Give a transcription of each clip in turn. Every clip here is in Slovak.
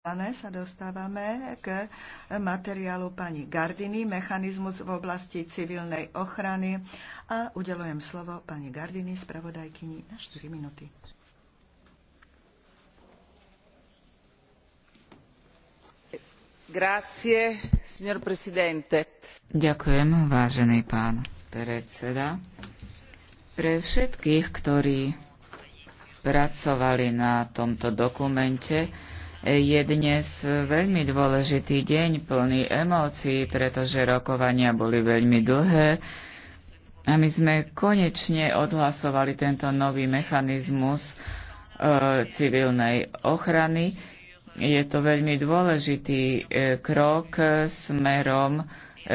Dane sa dostávame k materiálu pani Gardiny, mechanizmus v oblasti civilnej ochrany a udelujem slovo pani Gardiny, spravodajkyni na 4 minúty. Grazie, signor presidente. Ďakujem, vážený pán predseda. Pre všetkých, ktorí pracovali na tomto dokumente, je dnes veľmi dôležitý deň, plný emócií, pretože rokovania boli veľmi dlhé a my sme konečne odhlasovali tento nový mechanizmus e, civilnej ochrany. Je to veľmi dôležitý e, krok smerom e,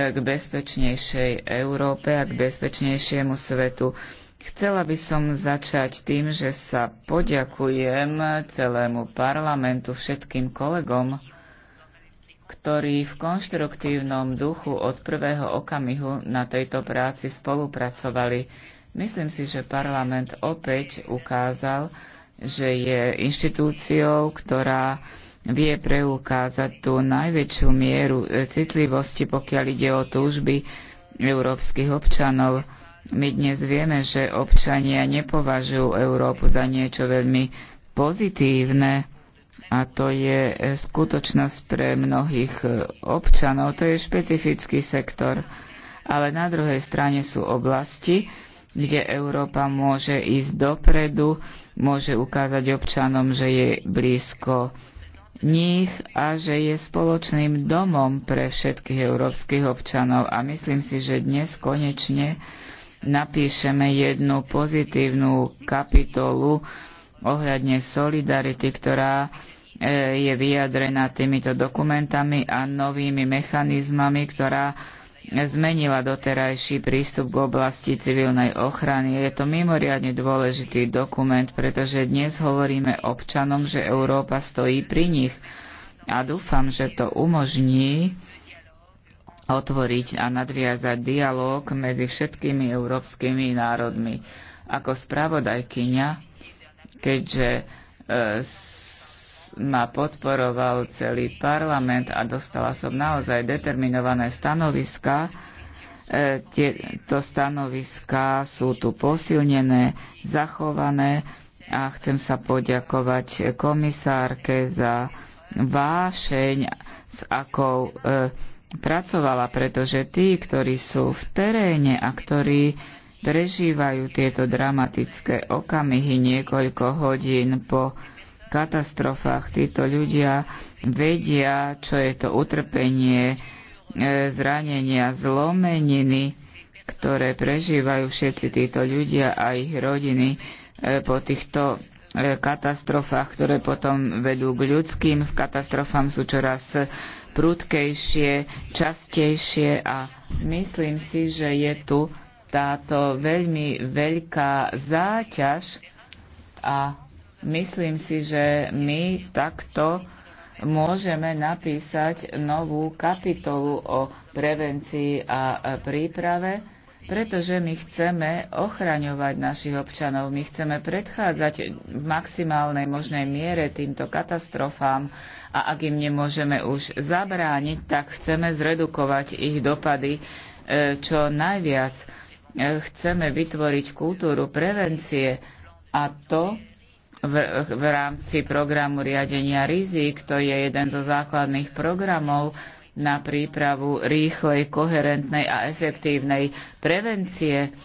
k bezpečnejšej Európe a k bezpečnejšiemu svetu. Chcela by som začať tým, že sa poďakujem celému parlamentu, všetkým kolegom, ktorí v konštruktívnom duchu od prvého okamihu na tejto práci spolupracovali. Myslím si, že parlament opäť ukázal, že je inštitúciou, ktorá vie preukázať tú najväčšiu mieru citlivosti, pokiaľ ide o túžby európskych občanov. My dnes vieme, že občania nepovažujú Európu za niečo veľmi pozitívne a to je skutočnosť pre mnohých občanov. To je špecifický sektor. Ale na druhej strane sú oblasti, kde Európa môže ísť dopredu, môže ukázať občanom, že je blízko nich a že je spoločným domom pre všetkých európskych občanov. A myslím si, že dnes konečne napíšeme jednu pozitívnu kapitolu ohľadne solidarity, ktorá e, je vyjadrená týmito dokumentami a novými mechanizmami, ktorá zmenila doterajší prístup k oblasti civilnej ochrany. Je to mimoriadne dôležitý dokument, pretože dnes hovoríme občanom, že Európa stojí pri nich a dúfam, že to umožní otvoriť a nadviazať dialog medzi všetkými európskymi národmi. Ako spravodajkyňa, keďže e, ma podporoval celý parlament a dostala som naozaj determinované stanoviska, e, tieto stanoviska sú tu posilnené, zachované a chcem sa poďakovať komisárke za vášeň, s akou e, pracovala, pretože tí, ktorí sú v teréne a ktorí prežívajú tieto dramatické okamihy niekoľko hodín po katastrofách, títo ľudia vedia, čo je to utrpenie, e, zranenia, zlomeniny, ktoré prežívajú všetci títo ľudia a ich rodiny e, po týchto E, katastrofách, ktoré potom vedú k ľudským. V katastrofám sú čoraz prudkejšie, častejšie a myslím si, že je tu táto veľmi veľká záťaž a myslím si, že my takto môžeme napísať novú kapitolu o prevencii a príprave pretože my chceme ochraňovať našich občanov, my chceme predchádzať v maximálnej možnej miere týmto katastrofám a ak im nemôžeme už zabrániť, tak chceme zredukovať ich dopady e, čo najviac. E, chceme vytvoriť kultúru prevencie a to v, v rámci programu riadenia rizik, to je jeden zo základných programov, na prípravu rýchlej, koherentnej a efektívnej prevencie.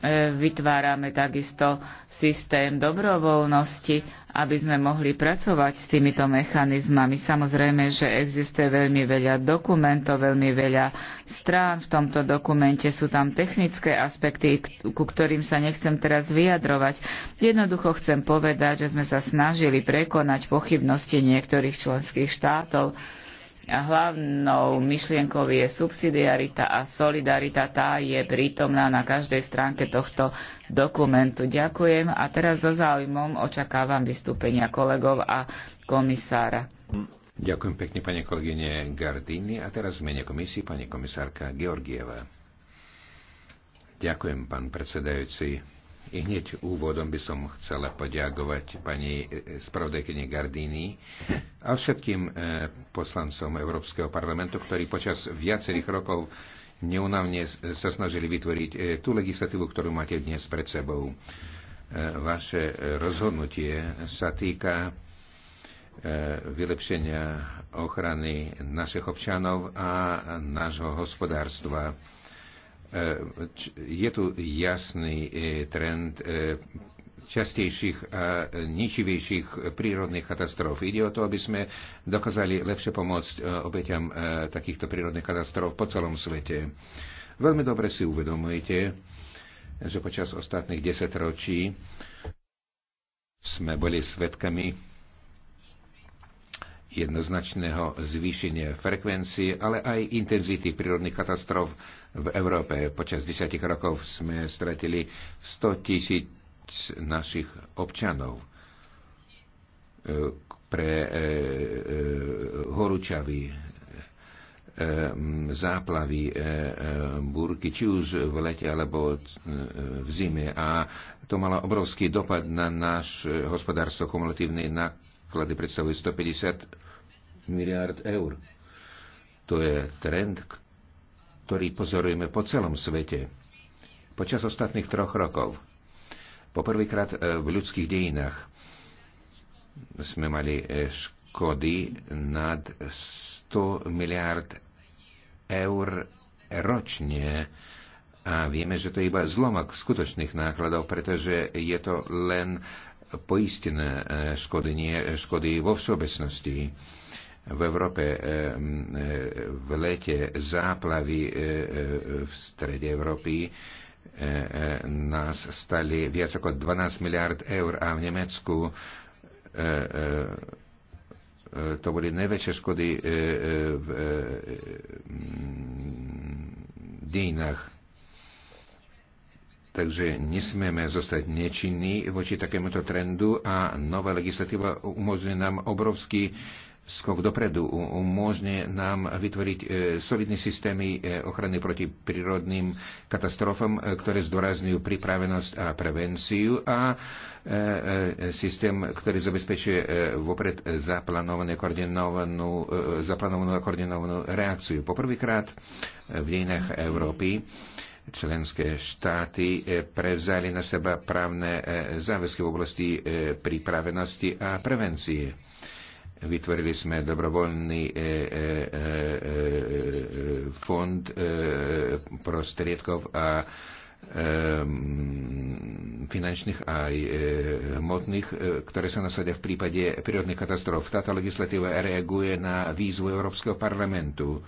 E, vytvárame takisto systém dobrovoľnosti, aby sme mohli pracovať s týmito mechanizmami. Samozrejme, že existuje veľmi veľa dokumentov, veľmi veľa strán. V tomto dokumente sú tam technické aspekty, ku ktorým sa nechcem teraz vyjadrovať. Jednoducho chcem povedať, že sme sa snažili prekonať pochybnosti niektorých členských štátov a hlavnou myšlienkou je subsidiarita a solidarita. Tá je prítomná na každej stránke tohto dokumentu. Ďakujem a teraz so záujmom očakávam vystúpenia kolegov a komisára. Ďakujem pekne pani kolegyne Gardini a teraz v mene komisii pani komisárka Georgieva. Ďakujem, pán predsedajúci. I hneď úvodom by som chcela poďakovať pani e, e, spravodajkyni Gardini a všetkým e, poslancom Európskeho parlamentu, ktorí počas viacerých rokov neunavne sa snažili vytvoriť tú legislatívu, ktorú máte dnes pred sebou. Vaše rozhodnutie sa týka vylepšenia ochrany našich občanov a nášho hospodárstva. Je tu jasný e, trend e, častejších a ničivejších prírodných katastrof. Ide o to, aby sme dokázali lepšie pomôcť e, obeťam takýchto prírodných katastrof po celom svete. Veľmi dobre si uvedomujete, že počas ostatných desetročí sme boli svedkami jednoznačného zvýšenia frekvencie, ale aj intenzity prírodných katastrof v Európe. Počas desiatich rokov sme stratili 100 tisíc našich občanov e, pre e, e, horúčavy, záplavy, búrky, či už v lete alebo v zime. A to malo obrovský dopad na náš hospodárstvo kumulatívny, na vklady predstavujú 150 miliárd eur. To je trend, ktorý pozorujeme po celom svete. Počas ostatných troch rokov, poprvýkrát eh, v ľudských dejinách, sme mali eh, škody nad 100 miliárd eur ročne a vieme, že to je iba zlomok skutočných nákladov, pretože je to len poistené e, škody, nie e, škody vo všeobecnosti. V Európe e, v lete záplavy v strede Európy nás stali viac ako 12 miliard eur a v Nemecku to boli najväčšie škody v dejinách Takže nesmieme zostať nečinní voči takémuto trendu a nová legislatíva umožňuje nám obrovský skok dopredu, umožňuje nám vytvoriť e, solidné systémy e, ochrany proti prírodným katastrofám, e, ktoré zdôrazňujú pripravenosť a prevenciu a systém, ktorý zabezpečuje vopred zaplánovanú koordinovanú, zaplanovanú a koordinovanú reakciu. Poprvýkrát v dejinách Európy členské štáty e, prevzali na seba právne e, záväzky v oblasti e, pripravenosti a prevencie. Vytvorili sme dobrovoľný fond prostriedkov a finančných aj hmotných, ktoré sa nasadia v prípade prírodných katastrof. Táto legislatíva reaguje na výzvu Európskeho parlamentu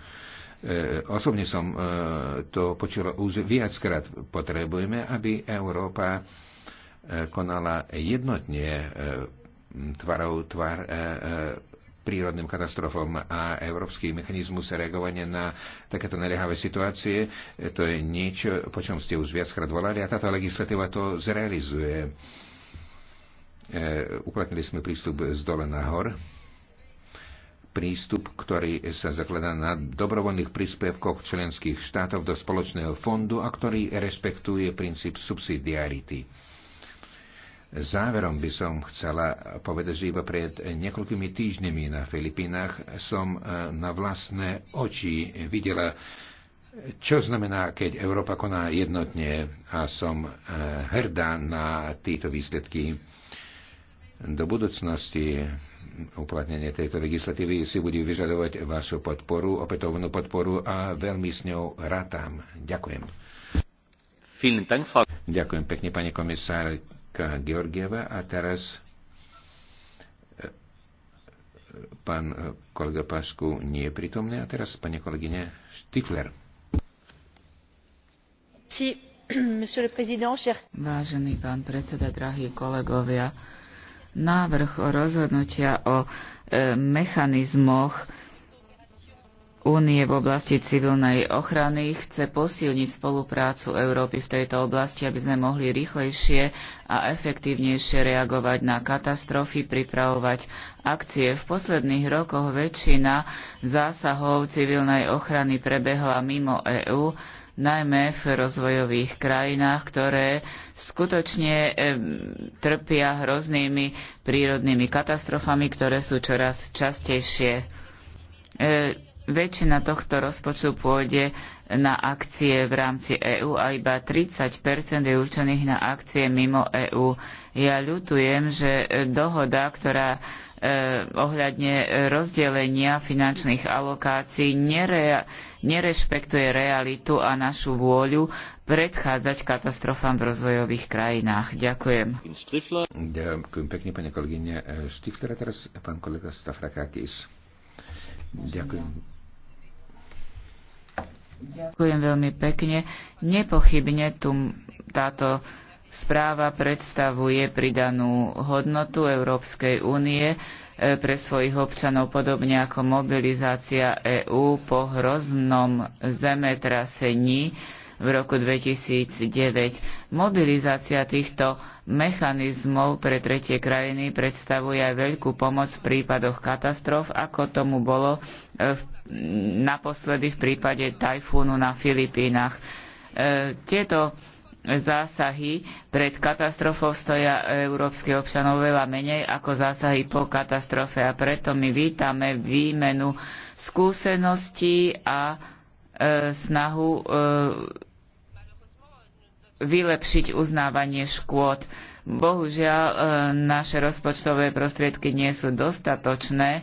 E, osobne som e, to počul už viackrát. Potrebujeme, aby Európa e, konala jednotne tvarov tvar prírodným katastrofom a európsky mechanizmus reagovania na takéto nerehavé situácie, to je niečo, po čom ste už viackrát volali a táto legislatíva to zrealizuje. Uplatnili sme prístup z dole nahor prístup, ktorý sa zakladá na dobrovoľných príspevkoch členských štátov do spoločného fondu a ktorý rešpektuje princíp subsidiarity. Záverom by som chcela povedať, že iba pred niekoľkými týždňami na Filipínach som e, na vlastné oči videla, čo znamená, keď Európa koná jednotne a som e, hrdá na tieto výsledky. Do budúcnosti uplatnenie tejto legislatívy si bude vyžadovať vašu podporu, opätovnú podporu a veľmi s ňou rátam. Ďakujem. Ďakujem pekne, pani komisárka Georgieva. A teraz e, e, pán e, kolega Pašku nie je prítomný. A teraz pani kolegyne Štifler. Vážený pán predseda, drahí kolegovia, návrh rozhodnutia o e, mechanizmoch Únie v oblasti civilnej ochrany chce posilniť spoluprácu Európy v tejto oblasti, aby sme mohli rýchlejšie a efektívnejšie reagovať na katastrofy, pripravovať akcie. V posledných rokoch väčšina zásahov civilnej ochrany prebehla mimo EÚ najmä v rozvojových krajinách, ktoré skutočne trpia hroznými prírodnými katastrofami, ktoré sú čoraz častejšie. E, väčšina tohto rozpočtu pôjde na akcie v rámci EÚ a iba 30 je určených na akcie mimo EÚ. Ja ľutujem, že e, dohoda, ktorá Eh, ohľadne rozdelenia finančných alokácií nere, nerešpektuje realitu a našu vôľu predchádzať katastrofám v rozvojových krajinách. Ďakujem. Ďakujem pekne, pani kolegyne Štifler. teraz pán kolega Stafrakakis. Ďakujem. Ďakujem veľmi pekne. Nepochybne tu táto Správa predstavuje pridanú hodnotu Európskej únie e, pre svojich občanov, podobne ako mobilizácia EÚ po hroznom zemetrasení v roku 2009. Mobilizácia týchto mechanizmov pre tretie krajiny predstavuje aj veľkú pomoc v prípadoch katastrof, ako tomu bolo e, naposledy v prípade tajfúnu na Filipínach. E, tieto zásahy pred katastrofou stoja európskych občanov veľa menej ako zásahy po katastrofe a preto my vítame výmenu skúseností a e, snahu e, vylepšiť uznávanie škôd. Bohužiaľ, e, naše rozpočtové prostriedky nie sú dostatočné, e,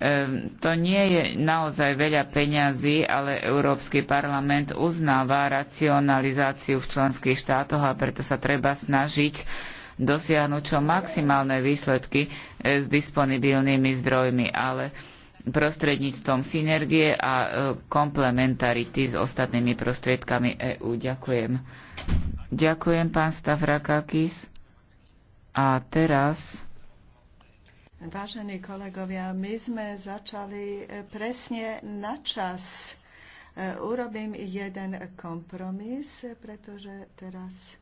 Ehm, to nie je naozaj veľa peňazí, ale Európsky parlament uznáva racionalizáciu v členských štátoch a preto sa treba snažiť dosiahnuť čo maximálne výsledky eh, s disponibilnými zdrojmi, ale prostredníctvom synergie a eh, komplementarity s ostatnými prostriedkami EÚ. Ďakujem. Ďakujem, pán Stavrakakis. A teraz Vážení kolegovia, my sme začali e, presne na čas. E, urobím jeden kompromis, e, pretože teraz,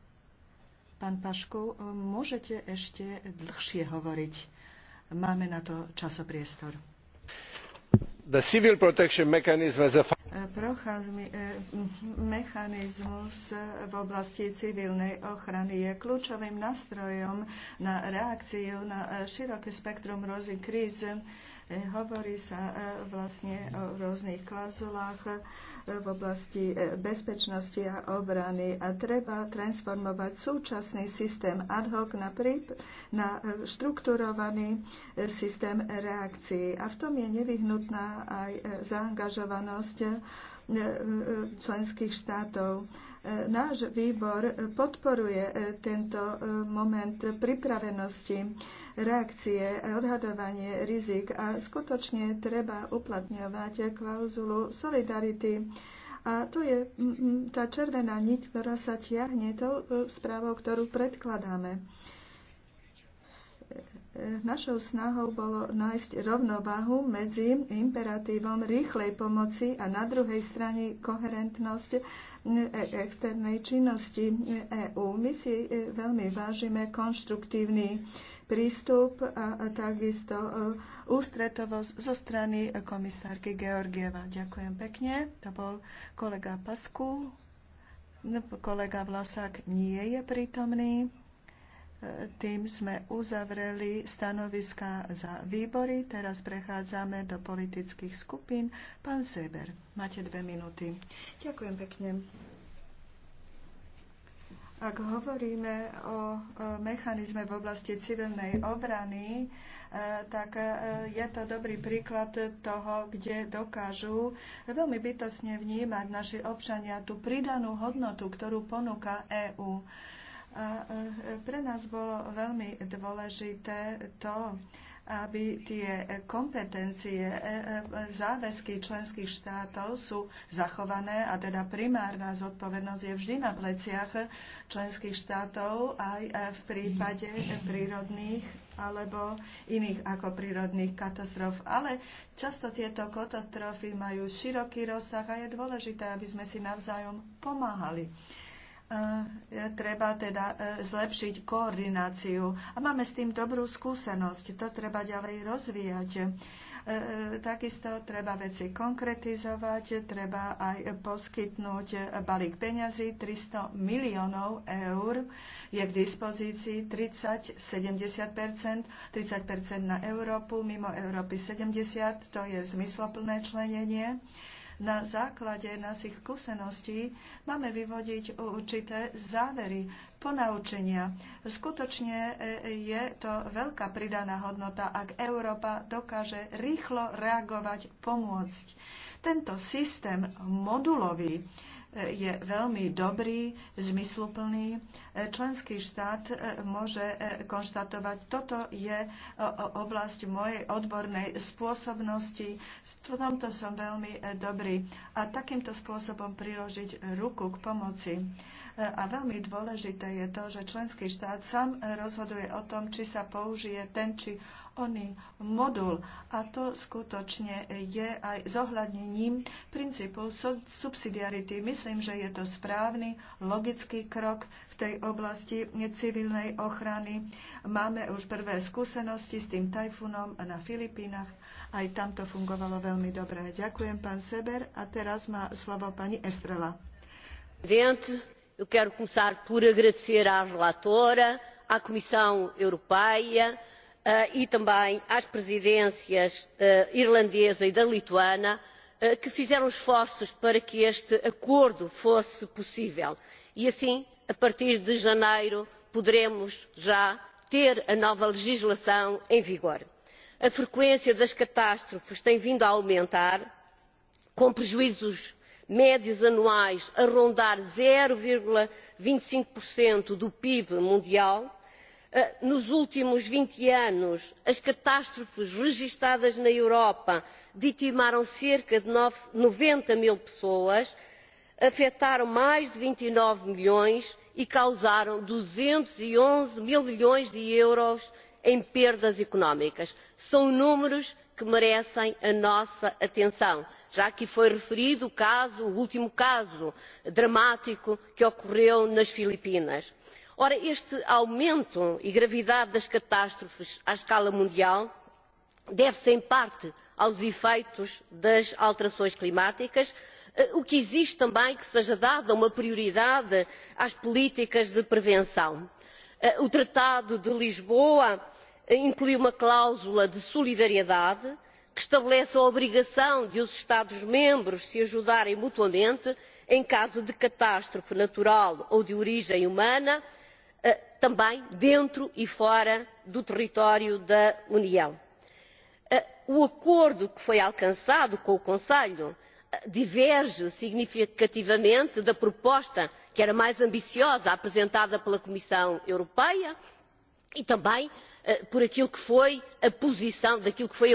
pán Pašku, môžete ešte dlhšie hovoriť. Máme na to časopriestor the civil protection mechanism as a eh, eh, mechanizmus eh, v oblasti civilnej ochrany je kľúčovým nástrojom na reakciu na široké spektrum rôznych kríz E, hovorí sa e, vlastne o rôznych klauzulách e, v oblasti bezpečnosti a obrany a treba transformovať súčasný systém ad hoc na, príp- na štrukturovaný systém reakcií. A v tom je nevyhnutná aj zaangažovanosť E, e, členských štátov. E, náš výbor podporuje tento moment pripravenosti, reakcie, odhadovanie rizik a skutočne treba uplatňovať klauzulu solidarity a to je tá červená niť, ktorá sa tiahne tou správou, ktorú predkladáme. Eh, našou snahou bolo nájsť rovnováhu medzi imperatívom rýchlej pomoci a na druhej strane koherentnosť eh, eh, externej činnosti EÚ. E My si veľmi vážime konštruktívny prístup a takisto ústretovosť zo strany komisárky Georgieva. Ďakujem pekne. To bol kolega Pasku. No, kolega Vlasák nie je prítomný. Tým sme uzavreli stanoviska za výbory. Teraz prechádzame do politických skupín. Pán Seber, máte dve minúty. Ďakujem pekne. Ak hovoríme o mechanizme v oblasti civilnej obrany, e, tak e, je to dobrý príklad toho, kde dokážu veľmi bytosne vnímať naši občania tú pridanú hodnotu, ktorú ponúka EÚ. EU a e, pre nás bolo veľmi dôležité to, aby tie kompetencie, e, e, záväzky členských štátov sú zachované a teda primárna zodpovednosť je vždy na pleciach členských štátov aj v prípade prírodných alebo iných ako prírodných katastrof. Ale často tieto katastrofy majú široký rozsah a je dôležité, aby sme si navzájom pomáhali. E, treba teda e, zlepšiť koordináciu. A máme s tým dobrú skúsenosť. To treba ďalej rozvíjať. E, takisto treba veci konkretizovať, treba aj poskytnúť balík peňazí. 300 miliónov eur je k dispozícii 30, 70 30 na Európu, mimo Európy 70, to je zmysloplné členenie na základe našich skúseností máme vyvodiť určité závery, ponaučenia. Skutočne e, e, je to veľká pridaná hodnota, ak Európa dokáže rýchlo reagovať, pomôcť. Tento systém modulový je veľmi dobrý, zmysluplný. Členský štát e, môže e, konštatovať, toto je e, oblasť mojej odbornej spôsobnosti, v tomto som veľmi dobrý. A takýmto spôsobom priložiť ruku k pomoci. A veľmi dôležité je to, že členský štát sám rozhoduje o tom, či sa použije ten či oný modul a to skutočne je aj zohľadnením princípu subsidiarity. Myslím, že je to správny, logický krok v tej oblasti civilnej ochrany. Máme už prvé skúsenosti s tým tajfunom na Filipínach. Aj tam to fungovalo veľmi dobre. Ďakujem, pán Seber. A teraz má slovo pani Estrela. Eu quero começar por agradecer à relatora, à Comissão Europeia, Eh, e também às presidências eh, irlandesa e lituana eh, que fizeram esforços para que este acordo fosse possível e assim a partir de janeiro poderemos já ter a nova legislação em vigor. a frequência das catástrofes tem vindo a aumentar com prejuízos médios anuais a rondar zero vinte e cinco do pib mundial Eh, nos últimos vinte anos as catástrofes registadas na europa vitimaram cerca de noventa mil pessoas afetaram mais de vinte e nove milhões e causaram duzentos e onze mil milhões de euros em perdas económicas. são números que merecem a nossa atenção. já aqui foi referido o último caso dramático que ocorreu nas filipinas ora este aumento e gravidade das catástrofes à escala mundial deve se em parte aos efeitos das alterações climáticas eh, o que exige também que seja dada uma prioridade às políticas de prevenção. Eh, o tratado de lisboa eh, inclui uma cláusula de solidariedade que estabelece a obrigação de os estados membros se ajudarem mutuamente em caso de catástrofe natural ou de origem humana Eh, também dentro e fora do território da união. Eh, o acordo que foi alcançado com o conselho eh, diverge significativamente da proposta que era mais ambiciosa apresentada pela comissão europeia e também daquilo que foi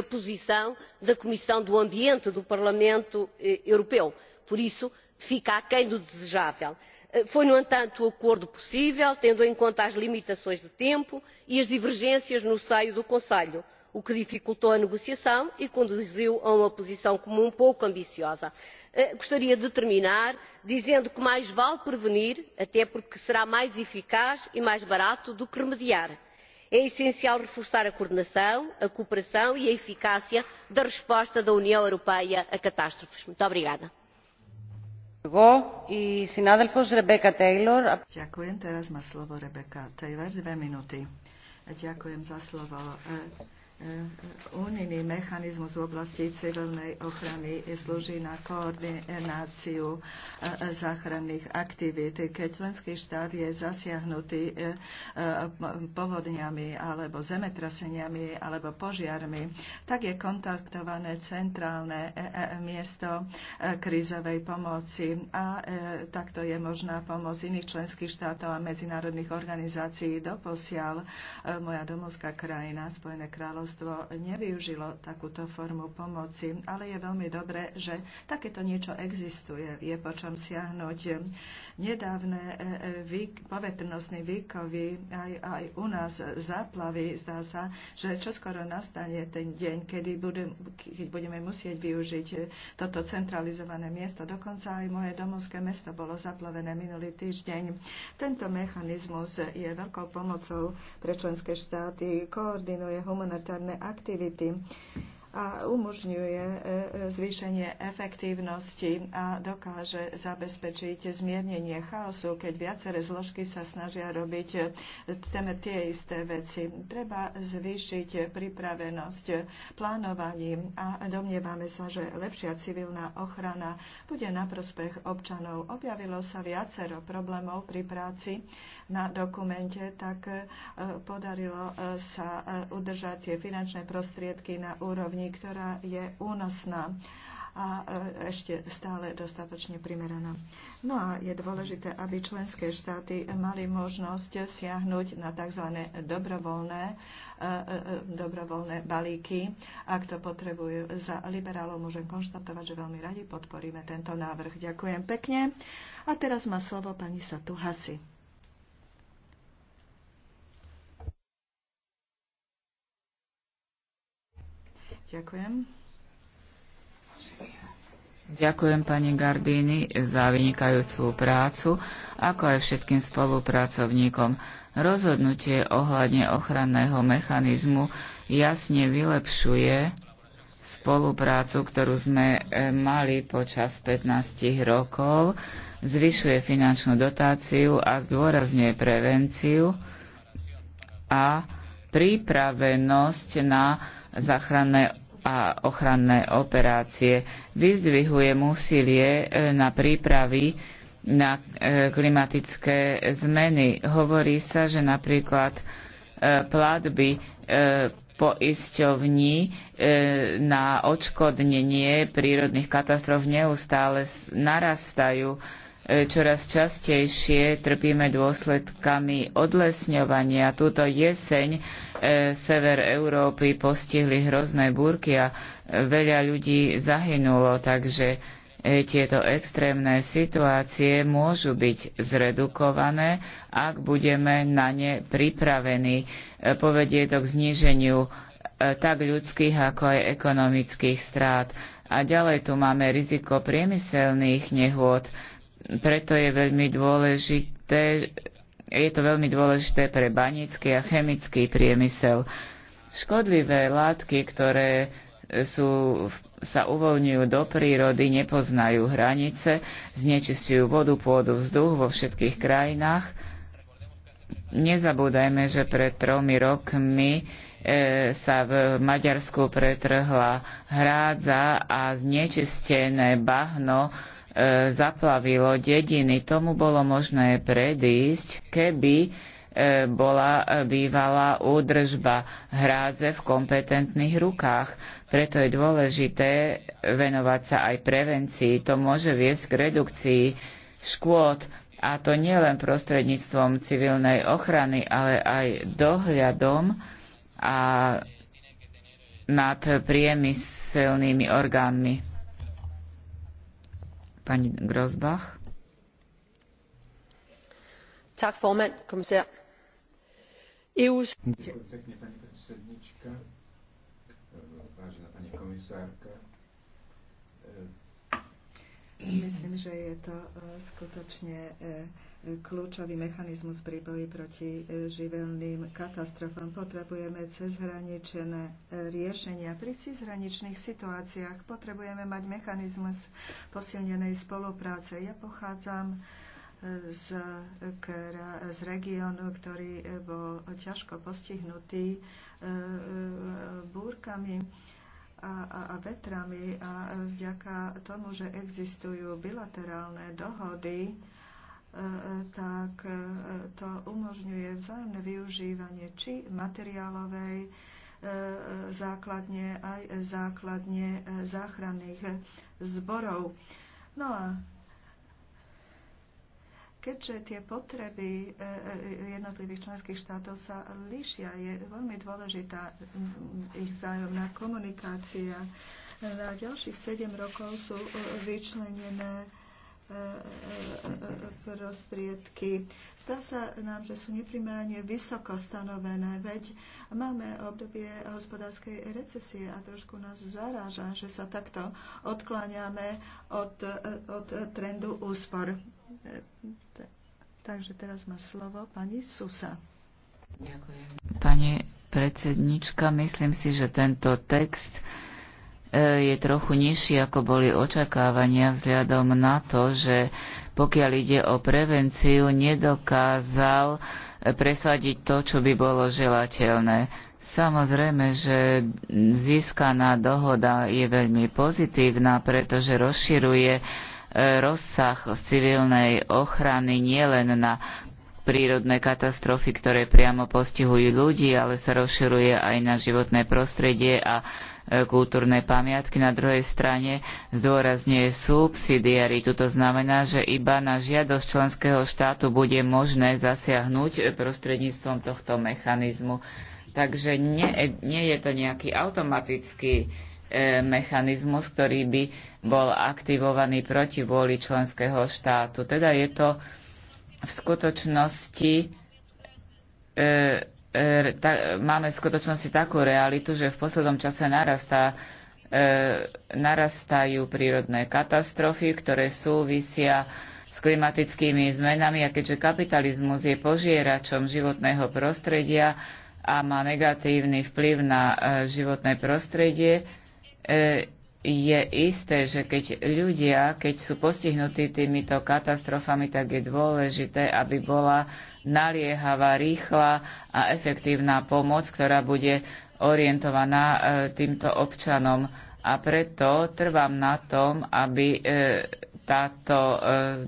a posição da comissão do ambiente do parlamento europeu por isso fica aquém do desejável. Eh, foi no entanto o acordo possível tendo em conta as limitações de tempo e as divergências no seio do conselho o que dificultou a negociação e conduziu a uma posição comum pouco ambiciosa. Eh, gostaria de terminar dizendo que mais vale prevenir até porque será mais eficaz e mais barato do que remediar. é essencial reforçar a coordenação a cooperação e a eficácia da resposta da união europeia a catástrofes. muito obrigada. Ďakujem, teraz má slovo Rebecca Taylor, dve minúty. Ďakujem za slovo. Eh, unijný mechanizmus v oblasti civilnej ochrany slúži na koordináciu eh, záchranných aktivít. Keď členský štát je zasiahnutý eh, povodňami alebo zemetraseniami alebo požiarmi, tak je kontaktované centrálne miesto krízovej pomoci a takto je možná pomoc iných členských štátov a medzinárodných organizácií. Doposiaľ moja domovská krajina, Spojené kráľovstvo, školstvo nevyužilo takúto formu pomoci, ale je veľmi dobré, že takéto niečo existuje, je po čom siahnuť. Nedávne e, e, výk, povetrnostné výkovy aj, aj u nás záplavy, zdá sa, že čoskoro nastane ten deň, kedy budem, keď budeme musieť využiť toto centralizované miesto. Dokonca aj moje domovské mesto bolo zaplavené minulý týždeň. Tento mechanizmus je veľkou pomocou pre členské štáty, koordinuje humanitárne humanitárne aktivity a umožňuje e, e, zvýšenie efektívnosti a dokáže zabezpečiť zmiernenie chaosu, keď viaceré zložky sa snažia robiť e, tie isté veci. Treba zvýšiť pripravenosť plánovaním a domnievame sa, že lepšia civilná ochrana bude na prospech občanov. Objavilo sa viacero problémov pri práci na dokumente, tak podarilo sa udržať tie finančné prostriedky na úrovni úrovni, ktorá je únosná a e, ešte stále dostatočne primeraná. No a je dôležité, aby členské štáty mali možnosť siahnuť na tzv. dobrovoľné, e, e, dobrovoľné balíky. Ak to potrebujú za liberálov, môžem konštatovať, že veľmi radi podporíme tento návrh. Ďakujem pekne. A teraz má slovo pani Satu Hasi. Ďakujem. Ďakujem pani Gardini za vynikajúcu prácu, ako aj všetkým spolupracovníkom. Rozhodnutie ohľadne ochranného mechanizmu jasne vylepšuje spoluprácu, ktorú sme e, mali počas 15 rokov, zvyšuje finančnú dotáciu a zdôrazňuje prevenciu a pripravenosť na záchranné a ochranné operácie. Vyzdvihuje úsilie e, na prípravy na e, klimatické zmeny. Hovorí sa, že napríklad e, platby poisťovní na odškodnenie prírodných katastrof neustále narastajú E, čoraz častejšie trpíme dôsledkami odlesňovania. Túto jeseň e, sever Európy postihli hrozné búrky a veľa ľudí zahynulo, takže e, tieto extrémne situácie môžu byť zredukované, ak budeme na ne pripravení. E, povedie to k zníženiu e, tak ľudských, ako aj ekonomických strát. A ďalej tu máme riziko priemyselných nehôd preto je veľmi dôležité, je to veľmi dôležité pre banický a chemický priemysel. Škodlivé látky, ktoré sú, sa uvoľňujú do prírody, nepoznajú hranice, znečistujú vodu, pôdu, vzduch vo všetkých krajinách. Nezabúdajme, že pred tromi rokmi e, sa v Maďarsku pretrhla hrádza a znečistené bahno e, E, zaplavilo dediny. Tomu bolo možné predísť, keby e, bola e, bývalá údržba hrádze v kompetentných rukách. Preto je dôležité venovať sa aj prevencii. To môže viesť k redukcii škôd, a to nielen prostredníctvom civilnej ochrany, ale aj dohľadom a nad priemyselnými orgánmi. Pani Grosbach. Tak, formand, komisár. EU's... pekne, pani predsednička, vážená pani komisárka. E, myslím, že je to e, skutočne e, kľúčový mechanizmus pri boji proti e, živelným katastrofám. Potrebujeme cezhraničené e, riešenia. Pri cizhraničných situáciách potrebujeme mať mechanizmus posilnenej spolupráce. Ja pochádzam e, z, z regiónu, ktorý bol ťažko postihnutý búrkami a, a, a vetrami a vďaka tomu, že existujú bilaterálne dohody, E, tak e, to umožňuje vzájomné využívanie či materiálovej e, základne, aj základne záchranných zborov. No a keďže tie potreby jednotlivých členských štátov sa líšia, je veľmi dôležitá mm, ich vzájomná komunikácia. Na ďalších 7 rokov sú vyčlenené prostriedky. Zdá sa nám, že sú neprimerane vysoko stanovené, veď máme obdobie hospodárskej recesie a trošku nás zaráža, že sa takto odkláňame od, od trendu úspor. Takže teraz má slovo pani Susa. Ďakujem. Pani predsednička, myslím si, že tento text E, je trochu nižší, ako boli očakávania vzhľadom na to, že pokiaľ ide o prevenciu, nedokázal e, presadiť to, čo by bolo želateľné. Samozrejme, že získaná dohoda je veľmi pozitívna, pretože rozširuje e, rozsah civilnej ochrany nielen na prírodné katastrofy, ktoré priamo postihujú ľudí, ale sa rozširuje aj na životné prostredie a E, kultúrnej pamiatky. Na druhej strane zdôrazňuje subsidiaritu. To znamená, že iba na žiadosť členského štátu bude možné zasiahnuť prostredníctvom tohto mechanizmu. Takže nie, nie je to nejaký automatický e, mechanizmus, ktorý by bol aktivovaný proti vôli členského štátu. Teda je to v skutočnosti e, E, ta, máme v skutočnosti takú realitu, že v poslednom čase narastá, e, narastajú prírodné katastrofy, ktoré súvisia s klimatickými zmenami a keďže kapitalizmus je požieračom životného prostredia a má negatívny vplyv na e, životné prostredie, e, je isté, že keď ľudia, keď sú postihnutí týmito katastrofami, tak je dôležité, aby bola naliehavá, rýchla a efektívna pomoc, ktorá bude orientovaná e, týmto občanom. A preto trvám na tom, aby e, táto e,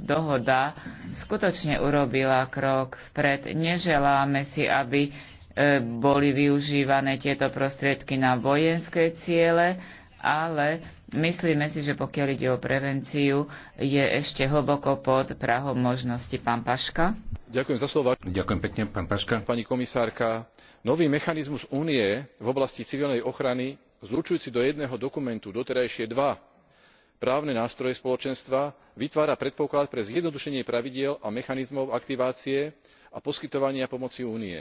dohoda skutočne urobila krok vpred. Neželáme si, aby boli využívané tieto prostriedky na vojenské ciele, ale myslíme si, že pokiaľ ide o prevenciu, je ešte hlboko pod prahom možnosti. Pán Paška. Ďakujem za slova. Ďakujem pekne, pán Paška. Pani komisárka, nový mechanizmus únie v oblasti civilnej ochrany zlučujúci do jedného dokumentu doterajšie dva právne nástroje spoločenstva vytvára predpoklad pre zjednodušenie pravidiel a mechanizmov aktivácie a poskytovania pomoci únie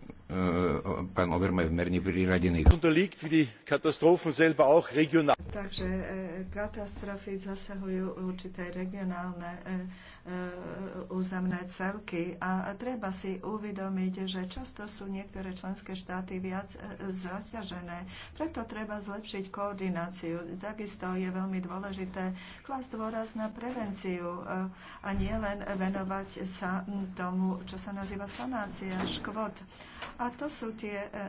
E, pán Overmaj priradených. Takže e, katastrofy zasahujú určité regionálne e, územné celky a treba si uvedomiť, že často sú niektoré členské štáty viac zaťažené. Preto treba zlepšiť koordináciu. Takisto je veľmi dôležité klasť dôraz na prevenciu a nielen venovať sa tomu, čo sa nazýva sanácia škôd a to sú tie e, e,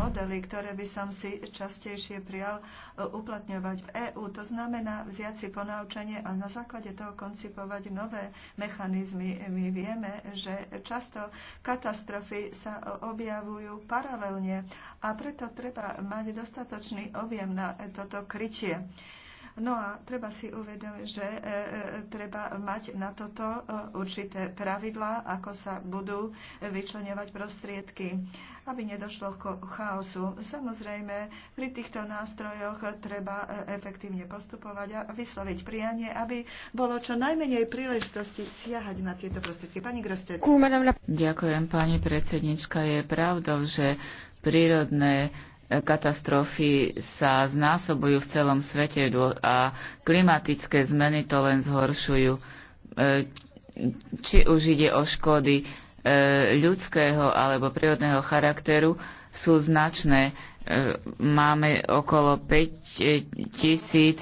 modely, ktoré by som si častejšie prijal e, uplatňovať v EÚ. To znamená vziať si ponaučenie a na základe toho koncipovať nové mechanizmy. My vieme, že často katastrofy sa objavujú paralelne a preto treba mať dostatočný objem na toto krytie. No a treba si uvedomiť, že e, e, treba mať na toto e, určité pravidlá, ako sa budú vyčlenovať prostriedky, aby nedošlo k chaosu. Samozrejme, pri týchto nástrojoch treba efektívne postupovať a vysloviť prianie, aby bolo čo najmenej príležitosti siahať na tieto prostriedky. Pani Groste. Ďakujem, pani predsednička. Je pravdou, že prírodné katastrofy sa znásobujú v celom svete a klimatické zmeny to len zhoršujú. E, či už ide o škody e, ľudského alebo prírodného charakteru, sú značné. E, máme okolo 5600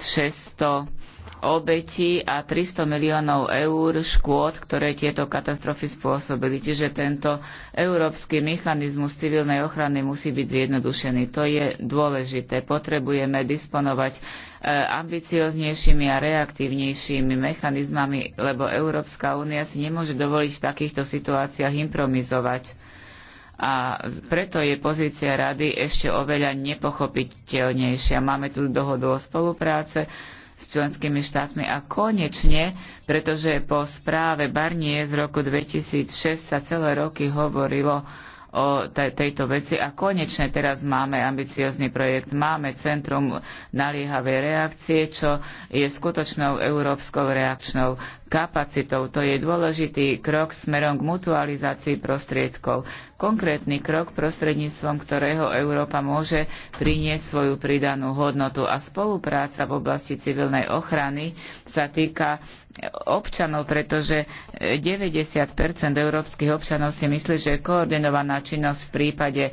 obetí a 300 miliónov eur škôd, ktoré tieto katastrofy spôsobili. Čiže tento európsky mechanizmus civilnej ochrany musí byť zjednodušený. To je dôležité. Potrebujeme disponovať e, ambicioznejšími a reaktívnejšími mechanizmami, lebo Európska únia si nemôže dovoliť v takýchto situáciách improvizovať. A preto je pozícia rady ešte oveľa nepochopiteľnejšia. Máme tu dohodu o spolupráce, s členskými štátmi. A konečne, pretože po správe Barnie z roku 2006 sa celé roky hovorilo o tejto veci a konečne teraz máme ambiciózny projekt, máme Centrum naliehavej reakcie, čo je skutočnou európskou reakčnou kapacitou. To je dôležitý krok smerom k mutualizácii prostriedkov. Konkrétny krok, prostredníctvom ktorého Európa môže priniesť svoju pridanú hodnotu a spolupráca v oblasti civilnej ochrany sa týka občanov, pretože 90% európskych občanov si myslí, že koordinovaná činnosť v prípade e,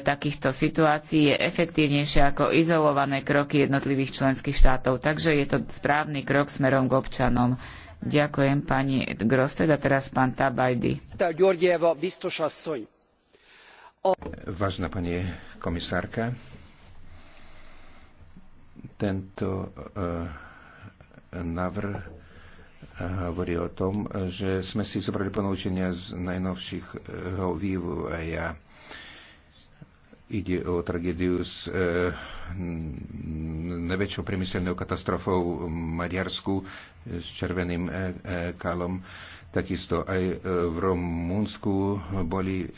takýchto situácií je efektívnejšia ako izolované kroky jednotlivých členských štátov. Takže je to správny krok smerom k občanom. Ďakujem pani Grosted a teraz pán Tabajdy. Vážna pani komisárka, tento uh, e, návrh hovorí o tom, že sme si zobrali ponaučenia z najnovších vývoja. a ja ide o tragédiu s e, najväčšou priemyselnou katastrofou v Maďarsku e, s červeným e, e, kalom. Takisto aj e, v Rumunsku boli e,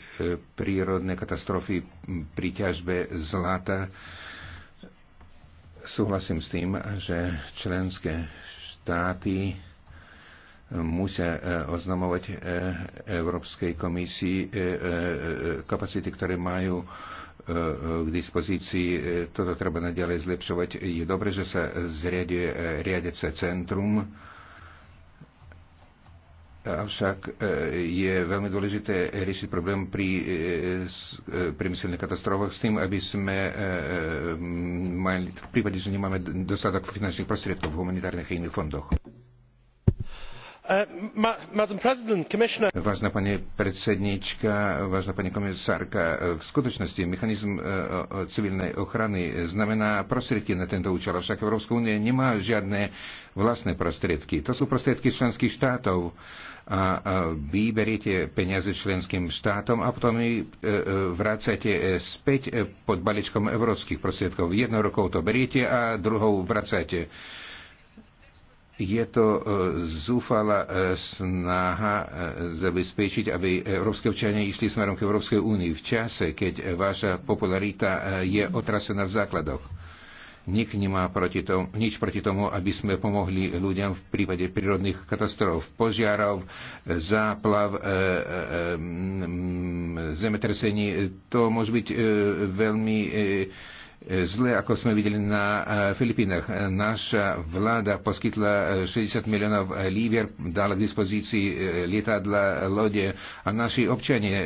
prírodné katastrofy pri ťažbe zlata. Súhlasím s tým, že členské štáty musia e, oznamovať e, Európskej komisii e, kapacity, ktoré majú k dispozícii. Toto treba naďalej zlepšovať. Je dobre, že sa zriaduje riadece centrum, avšak je veľmi dôležité riešiť problém pri priemyselných katastrofách s tým, aby sme mali, v prípade, že nemáme dostatok finančných prostriedkov v humanitárnych a iných fondoch. Uh, vážená pani predsedníčka, vážená pani komisárka, v skutočnosti mechanizm uh, civilnej ochrany znamená prostriedky na tento účel, avšak Európska únia nemá žiadne vlastné prostriedky. To sú prostriedky členských štátov a vy beriete peniaze členským štátom a potom ich e, e, vracate e, späť pod balíčkom európskych prostriedkov. Jednou rokou to beriete a druhou vracate. Je to e, zúfala e, snaha e, zabezpečiť, aby európske občania išli smerom k Európskej únii v čase, keď vaša popularita je otrasená v základoch. Nik nemá proti tomu, nič proti tomu, aby sme pomohli ľuďom v prípade prírodných katastrof, požiarov, záplav, e, e, zemetresení. To môže byť e, veľmi e, zle, ako sme videli na e, Filipínach. Naša vláda poskytla 60 e, miliónov e, lívier, dala k dispozícii lietadla, lode a naši občania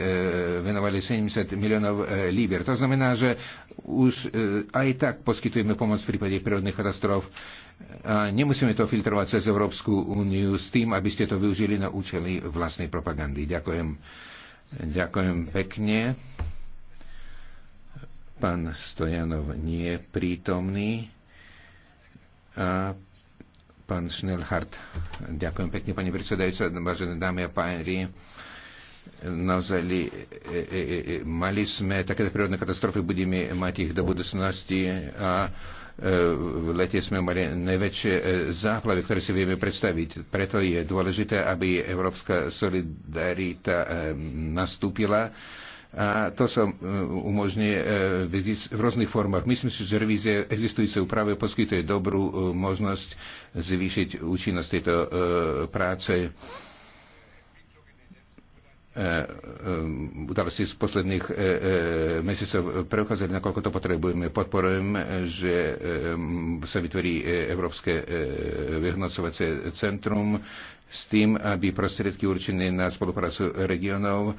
venovali 70 miliónov lívier. To znamená, že už aj tak poskytujeme pomoc v prípade prírodných katastrof. A nemusíme to filtrovať cez Európsku úniu s tým, aby ste to využili na účely vlastnej propagandy. Ďakujem. Ďakujem pekne. Pán Stojanov nie je prítomný. A pán Schnellhardt, ďakujem pekne, pani predsedajúca, vážené dámy a páni naozaj e, e, e, e mali sme takéto prírodné katastrofy, budeme mať ich do budúcnosti a e, v lete sme mali najväčšie záplavy, ktoré si vieme predstaviť. Preto je dôležité, aby európska solidarita nastúpila a to sa e, umožňuje e, v rôznych formách. Myslím si, že revízia existujúce úpravy poskytuje dobrú e, možnosť zvýšiť účinnosť tejto práce udalosti z posledných mesiacov preukázali, nakoľko to potrebujeme. Podporujem, že sa vytvorí Európske vyhodnocovacie centrum s tým, aby prostriedky určené na spoluprácu regionov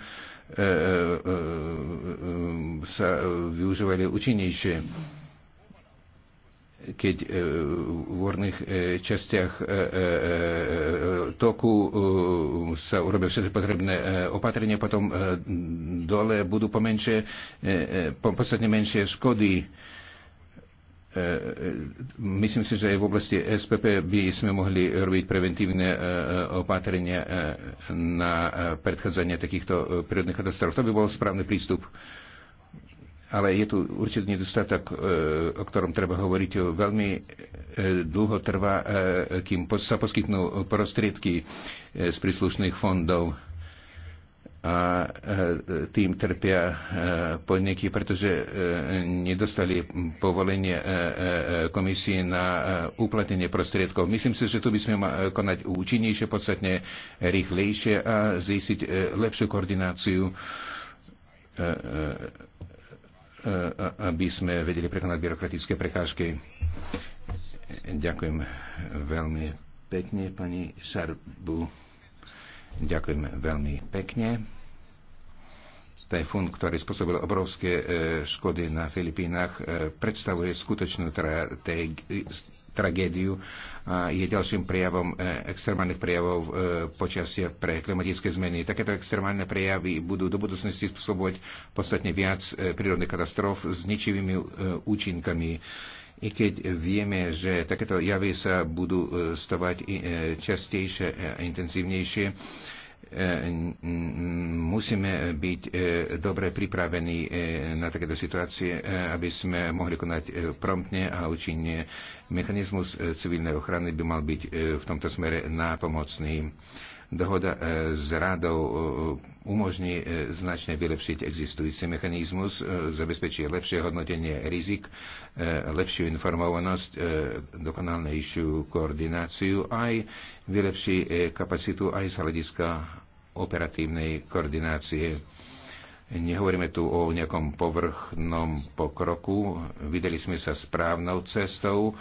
E, e, e, sa využívali účinnejšie keď v horných častiach toku sa urobia všetky potrebné opatrenia, potom dole budú pomenšie, podstatne menšie škody E, e, myslím si, že aj v oblasti SPP by sme mohli robiť preventívne e, opatrenia na predchádzanie takýchto prírodných katastrof. To by bol správny prístup. Ale je tu určitý nedostatok, o ktorom treba hovoriť. Veľmi dlho trvá, kým sa poskytnú prostriedky z príslušných fondov a e, tým trpia e, podniky, pretože e, nedostali povolenie komisii na uplatnenie prostriedkov. Myslím si, že tu by sme mali konať účinnejšie, podstatne rýchlejšie a zistiť lepšiu koordináciu aby sme vedeli prekonať byrokratické prekážky. Ďakujem veľmi pekne, pani Šarbu. Ďakujeme veľmi pekne. Tajfún, ktorý spôsobil obrovské e, škody na Filipínach, e, predstavuje skutočnú tra- tragédiu a je ďalším prejavom e, extrémálnych prejavov počasia pre klimatické zmeny. Takéto extrémálne prejavy budú do budúcnosti spôsobovať podstatne viac prírodných katastrof s ničivými účinkami i keď vieme, že takéto javy sa budú e, stavať e, častejšie a intenzívnejšie, e, musíme byť dobre pripravení na takéto situácie, aby sme mohli konať promptne a účinne. Mechanizmus civilnej ochrany by mal byť v tomto smere nápomocný. pomocný Dohoda e, s radou e, umožní e, značne vylepšiť existujúci mechanizmus, zabezpečí lepšie hodnotenie rizik, lepšiu informovanosť, dokonalnejšiu koordináciu, aj vylepší kapacitu aj z hľadiska operatívnej koordinácie. Nehovoríme tu o nejakom povrchnom pokroku. Videli sme sa správnou cestou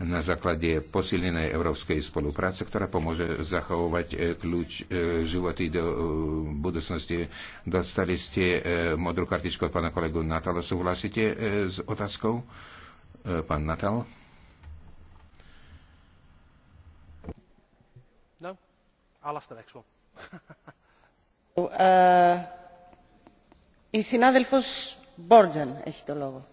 na základe posilnenej európskej spolupráce, ktorá pomôže zachovať e, kľúč e, životy do e, budúcnosti. Dostali ste modrú kartičku od pána kolegu Natala. Súhlasíte s otázkou? Pán Natal? No, ale ste the next η συνάδελφος Μπόρτζαν έχει το λόγο.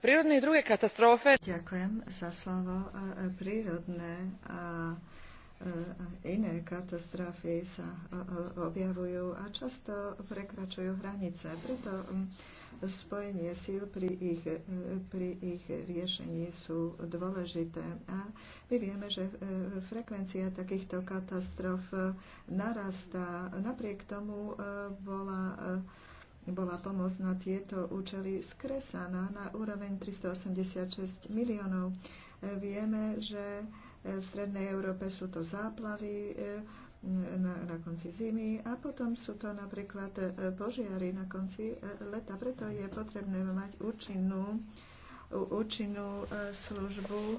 prírodné e, i druge katastrofe Ďakujem za slovo. E, prírodné e, a iné katastrofy sa objavujú a často prekračujú hranice. Preto spojenie síl pri ich, pri ich riešení sú dôležité. A my vieme, že frekvencia takýchto katastrof narastá. Napriek tomu bola bola pomoc na tieto účely skresaná na úroveň 386 miliónov. E, vieme, že e, v Strednej Európe sú to záplavy e, na, na konci zimy a potom sú to napríklad požiary na konci leta. Preto je potrebné mať účinnú účinnú e, službu e,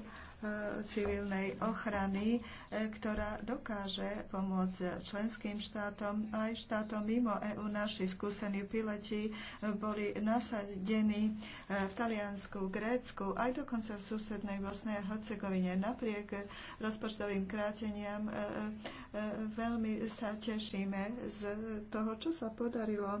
civilnej ochrany, e, ktorá dokáže pomôcť členským štátom aj štátom mimo EÚ. Naši skúsení piloti boli nasadení v Taliansku, Grécku, aj dokonca v susednej Bosnej a Hercegovine. Napriek rozpočtovým kráteniam veľmi sa tešíme z toho, čo sa podarilo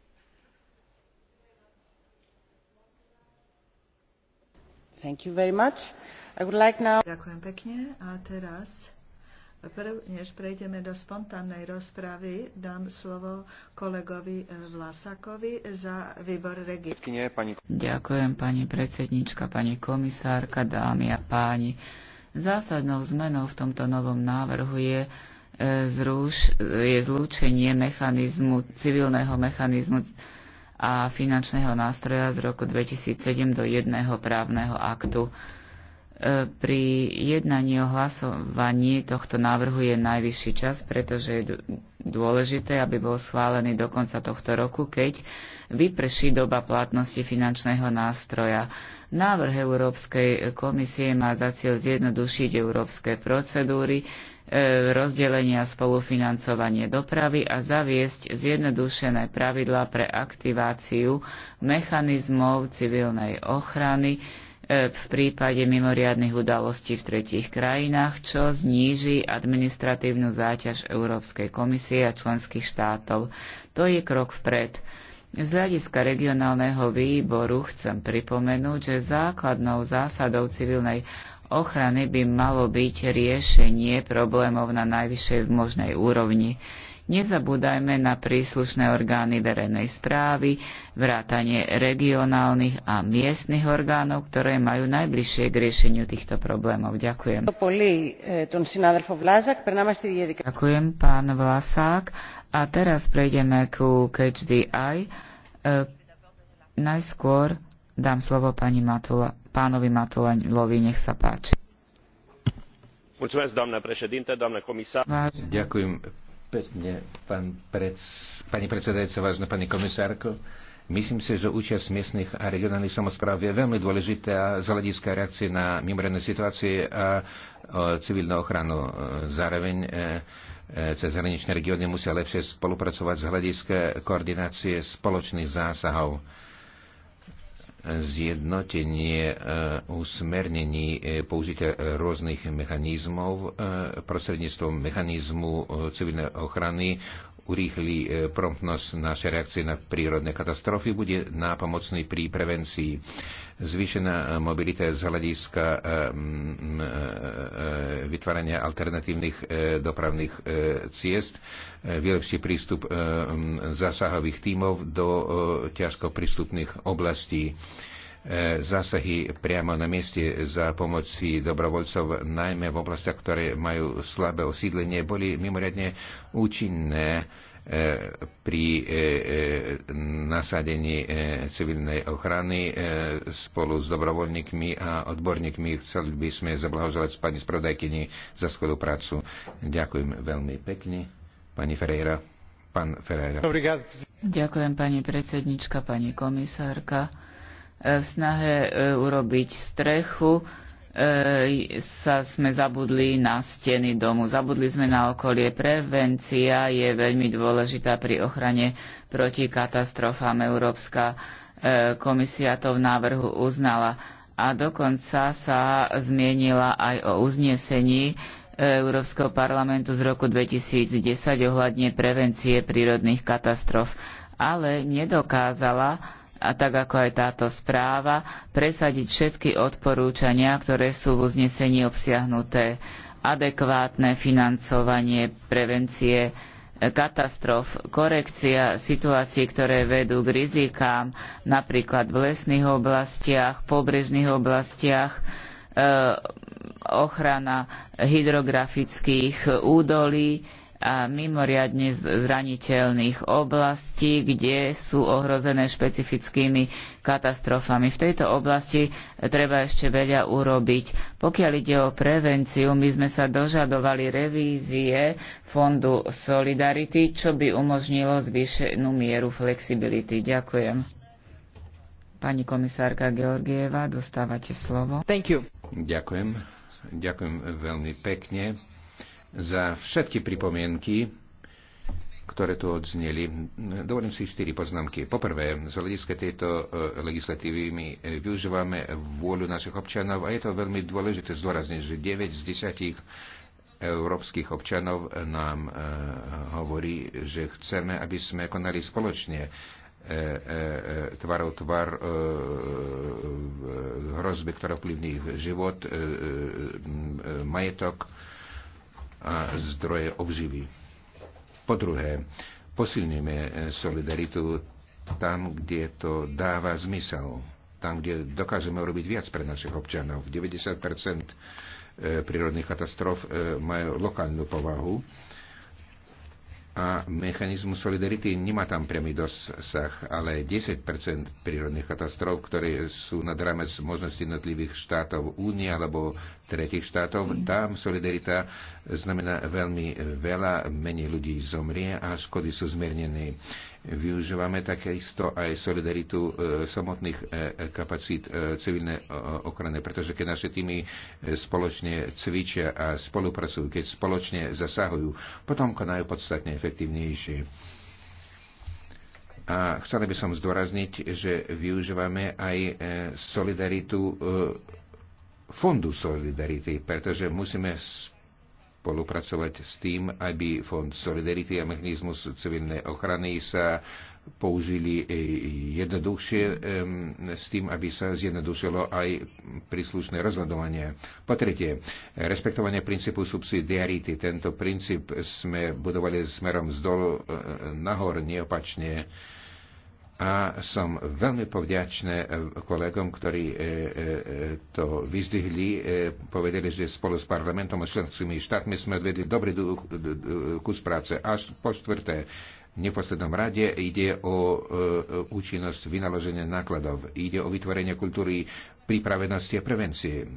Ďakujem pekne. A teraz Prv, než prejdeme do spontánnej rozpravy, dám slovo kolegovi eh, Vlasakovi za výbor regi. Ďakujem pani predsednička, pani komisárka, dámy a páni. Zásadnou zmenou v tomto novom návrhu je, eh, zruš, je zlúčenie mechanizmu, civilného mechanizmu a finančného nástroja z roku 2007 do jedného právneho aktu. E, pri jednaní o hlasovaní tohto návrhu je najvyšší čas, pretože je dôležité, aby bol schválený do konca tohto roku, keď vyprší doba platnosti finančného nástroja. Návrh Európskej komisie má za cieľ zjednodušiť európske procedúry, E, rozdelenia spolufinancovanie dopravy a zaviesť zjednodušené pravidlá pre aktiváciu mechanizmov civilnej ochrany e, v prípade mimoriadnych udalostí v tretích krajinách, čo zníži administratívnu záťaž Európskej komisie a členských štátov. To je krok vpred. Z hľadiska regionálneho výboru chcem pripomenúť, že základnou zásadou civilnej ochrany by malo byť riešenie problémov na najvyššej možnej úrovni. Nezabúdajme na príslušné orgány verejnej správy, vrátanie regionálnych a miestnych orgánov, ktoré majú najbližšie k riešeniu týchto problémov. Ďakujem. Ďakujem, pán Vlasák. A teraz prejdeme ku KHDI. E, najskôr dám slovo pani Matula pánovi Matulovi. Nech sa páči. Ďakujem pekne, pán pred, pani predsedajúca, vážna pani komisárko. Myslím si, že účasť miestnych a regionálnych samozpráv je veľmi dôležitá z hľadiska reakcie na mimoriadne situácie a civilnú ochranu. Zároveň e, e, cez hraničné regióny musia lepšie spolupracovať z hľadiska koordinácie spoločných zásahov zjednotenie e, usmernení e, použitia rôznych mechanizmov e, prostredníctvom mechanizmu civilnej ochrany urýchli promptnosť našej reakcie na prírodné katastrofy, bude nápomocný pri prevencii zvýšená eh, mobilita z hľadiska eh, eh, vytvárania alternatívnych dopravných ciest, vylepší prístup zásahových tímov do ťažko prístupných oblastí zásahy priamo na mieste za pomoci dobrovoľcov, najmä v oblastiach, ktoré majú slabé osídlenie, boli mimoriadne účinné pri nasadení e, civilnej ochrany e, spolu s dobrovoľníkmi a odborníkmi. Chceli by sme zablahoželať pani spravodajkyni za skvelú prácu. Ďakujem veľmi pekne. Pani Ferreira. Pán Ferreira. Ďakujem pani predsednička, pani komisárka. E, v snahe urobiť strechu E, sa sme zabudli na steny domu, zabudli sme na okolie. Prevencia je veľmi dôležitá pri ochrane proti katastrofám. Európska e, komisia to v návrhu uznala a dokonca sa zmienila aj o uznesení e, Európskeho parlamentu z roku 2010 ohľadne prevencie prírodných katastrof, ale nedokázala a tak ako aj táto správa, presadiť všetky odporúčania, ktoré sú v uznesení obsiahnuté. Adekvátne financovanie prevencie katastrof, korekcia situácií, ktoré vedú k rizikám, napríklad v lesných oblastiach, pobrežných oblastiach, e, ochrana hydrografických údolí, a mimoriadne zraniteľných oblastí, kde sú ohrozené špecifickými katastrofami. V tejto oblasti treba ešte veľa urobiť. Pokiaľ ide o prevenciu, my sme sa dožadovali revízie Fondu Solidarity, čo by umožnilo zvýšenú mieru flexibility. Ďakujem. Pani komisárka Georgieva, dostávate slovo. Thank you. Ďakujem. Ďakujem veľmi pekne za všetky pripomienky, ktoré tu odzneli. Dovolím si štyri poznámky. Poprvé, z hľadiska tejto e, legislatívy my e, využívame vôľu našich občanov a je to veľmi dôležité zdôrazniť, že 9 z 10 európskych občanov nám e, hovorí, že chceme, aby sme konali spoločne tvarov tvar hrozby, ktorá vplyvní ich život, majetok, a zdroje obživy. Po druhé, posilníme solidaritu tam, kde to dáva zmysel, tam, kde dokážeme urobiť viac pre našich občanov. 90 e, prírodných katastrof e, majú lokálnu povahu a mechanizmu solidarity nemá tam priamy dosah, ale 10 prírodných katastrof, ktoré sú nad rámec možnosti jednotlivých štátov únie alebo tretich štátov, mm. tam solidarita znamená veľmi veľa, menej ľudí zomrie a škody sú zmiernené. Využívame takisto aj solidaritu e, samotných e, e, kapacít civilnej ochrany, pretože keď naše týmy spoločne cvičia a spolupracujú, keď spoločne zasahujú, potom konajú podstatne efektívnejšie. A chcel by som zdôrazniť, že využívame aj solidaritu fondu solidarity, pretože musíme spolupracovať s tým, aby Fond Solidarity a mechanizmus civilnej ochrany sa použili e, jednoduchšie s tým, aby sa zjednodušilo aj príslušné rozhodovanie. Po tretie, respektovanie princípu subsidiarity. Tento princíp sme budovali smerom z dolu e, nahor, neopačne a som veľmi povďačný eh, kolegom, ktorí eh, eh, to vyzdihli, povedali, že spolu s parlamentom a členskými štátmi sme odvedli dobrý kus práce. Až po štvrté, v neposlednom rade ide o účinnosť vynaloženia nákladov, ide o vytvorenie kultúry pripravenosti a prevencie.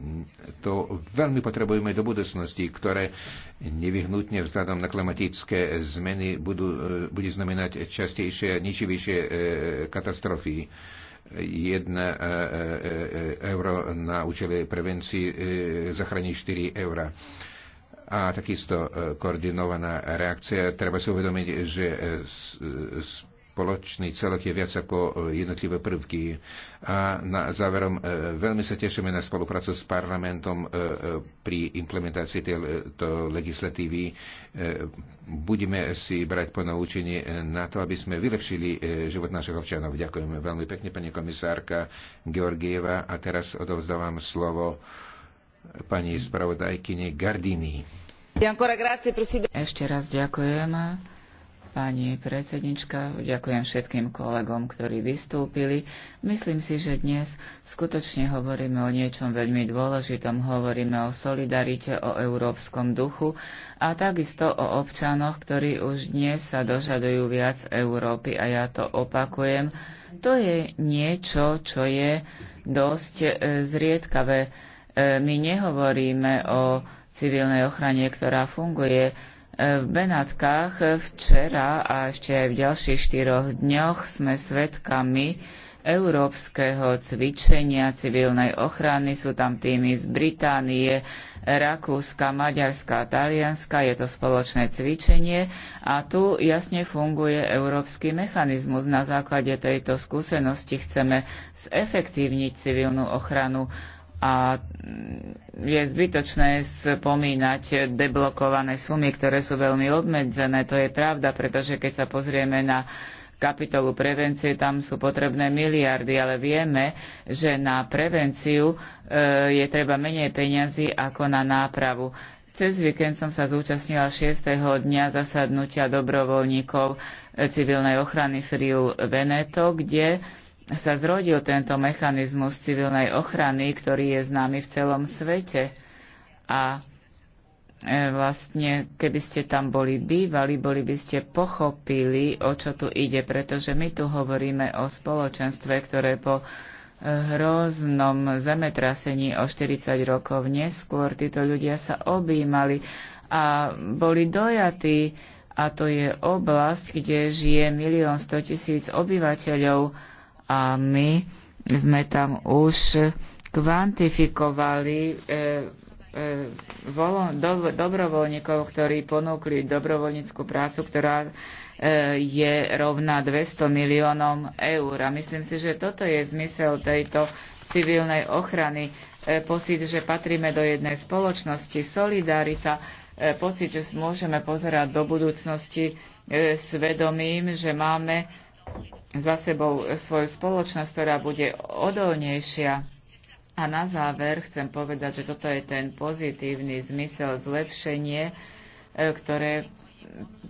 To veľmi potrebujeme do budúcnosti, ktoré nevyhnutne vzhľadom na klimatické zmeny budú, e, bude znamenať častejšie a ničivejšie e, katastrofy. Jedna e, euro na účely prevencii zachrání 4 eura a takisto koordinovaná reakcia. Treba si uvedomiť, že spoločný celok je viac ako e, jednotlivé prvky. A na záverom e, veľmi sa tešíme na spoluprácu s parlamentom e, pri implementácii tejto legislatívy. Budeme si brať po na to, aby sme vylepšili život našich občanov. Ďakujem veľmi pekne, pani komisárka Georgieva. A teraz odovzdávam slovo pani spravodajkyne Gardini. Ešte raz ďakujem Pani predsednička, ďakujem všetkým kolegom, ktorí vystúpili. Myslím si, že dnes skutočne hovoríme o niečom veľmi dôležitom. Hovoríme o solidarite, o európskom duchu a takisto o občanoch, ktorí už dnes sa dožadujú viac Európy a ja to opakujem. To je niečo, čo je dosť e, zriedkavé. E, my nehovoríme o civilnej ochrane, ktorá funguje E, v Benátkach včera a ešte aj v ďalších štyroch dňoch sme svedkami európskeho cvičenia civilnej ochrany. Sú tam týmy z Británie, Rakúska, Maďarska a Talianska. Je to spoločné cvičenie a tu jasne funguje európsky mechanizmus. Na základe tejto skúsenosti chceme zefektívniť civilnú ochranu a je zbytočné spomínať deblokované sumy, ktoré sú veľmi obmedzené. To je pravda, pretože keď sa pozrieme na kapitolu prevencie, tam sú potrebné miliardy, ale vieme, že na prevenciu e, je treba menej peňazí ako na nápravu. Cez víkend som sa zúčastnila 6. dňa zasadnutia dobrovoľníkov e, civilnej ochrany Friu Veneto, kde sa zrodil tento mechanizmus civilnej ochrany, ktorý je známy v celom svete. A e, vlastne, keby ste tam boli bývali, boli by ste pochopili, o čo tu ide, pretože my tu hovoríme o spoločenstve, ktoré po e, hroznom zemetrasení o 40 rokov neskôr títo ľudia sa objímali a boli dojatí a to je oblasť, kde žije milión 100 tisíc obyvateľov a my sme tam už kvantifikovali e, e, volo, do, dobrovoľníkov, ktorí ponúkli dobrovoľníckú prácu, ktorá e, je rovná 200 miliónom eur. A myslím si, že toto je zmysel tejto civilnej ochrany. E, pocit, že patríme do jednej spoločnosti, solidarita, e, pocit, že môžeme pozerať do budúcnosti e, svedomím, že máme za sebou svoju spoločnosť, ktorá bude odolnejšia. A na záver chcem povedať, že toto je ten pozitívny zmysel zlepšenie, e, ktoré,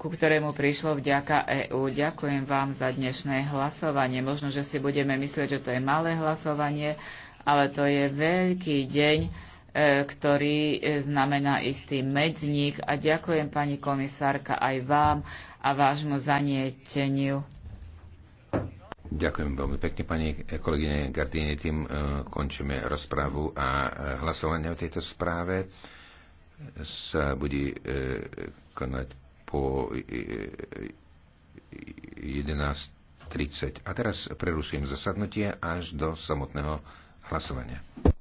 ku ktorému prišlo vďaka EÚ. Ďakujem vám za dnešné hlasovanie. Možno, že si budeme myslieť, že to je malé hlasovanie, ale to je veľký deň, e, ktorý e, znamená istý medzník. A ďakujem pani komisárka aj vám a vášmu zanieteniu. Ďakujem veľmi pekne, pani kolegyne Gardini. Tým e, končíme rozprávu a e, hlasovanie o tejto správe sa bude e, konať po 11.30. A teraz prerušujem zasadnutie až do samotného hlasovania.